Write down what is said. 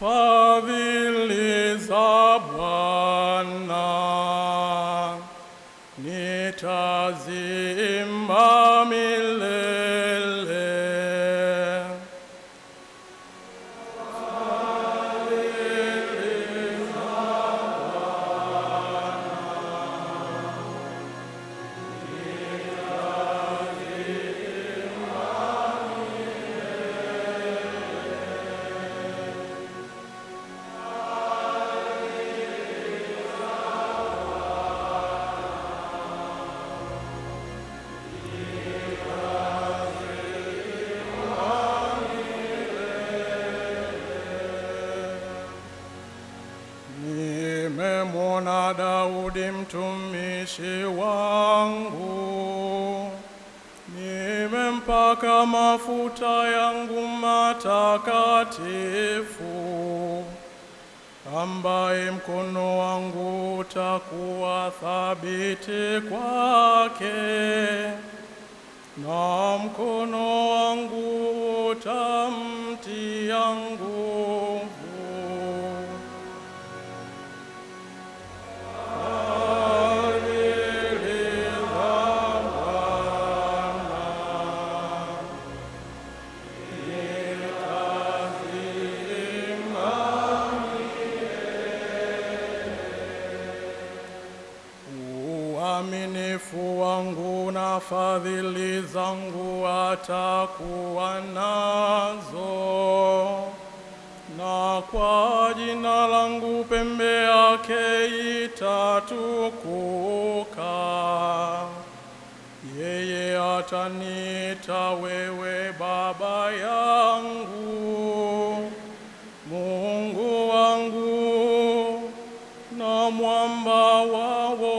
Fadhili za Bwana na Daudi mtumishi wangu, nimempaka mafuta yangu matakatifu, ambaye mkono wangu utakuwa thabiti kwake, na mkono wangu utamtia uaminifu wangu na fadhili zangu atakuwa nazo, na kwa jina langu pembe yake itatukuka. Yeye ataniita wewe baba yangu, Mungu wangu na mwamba wangu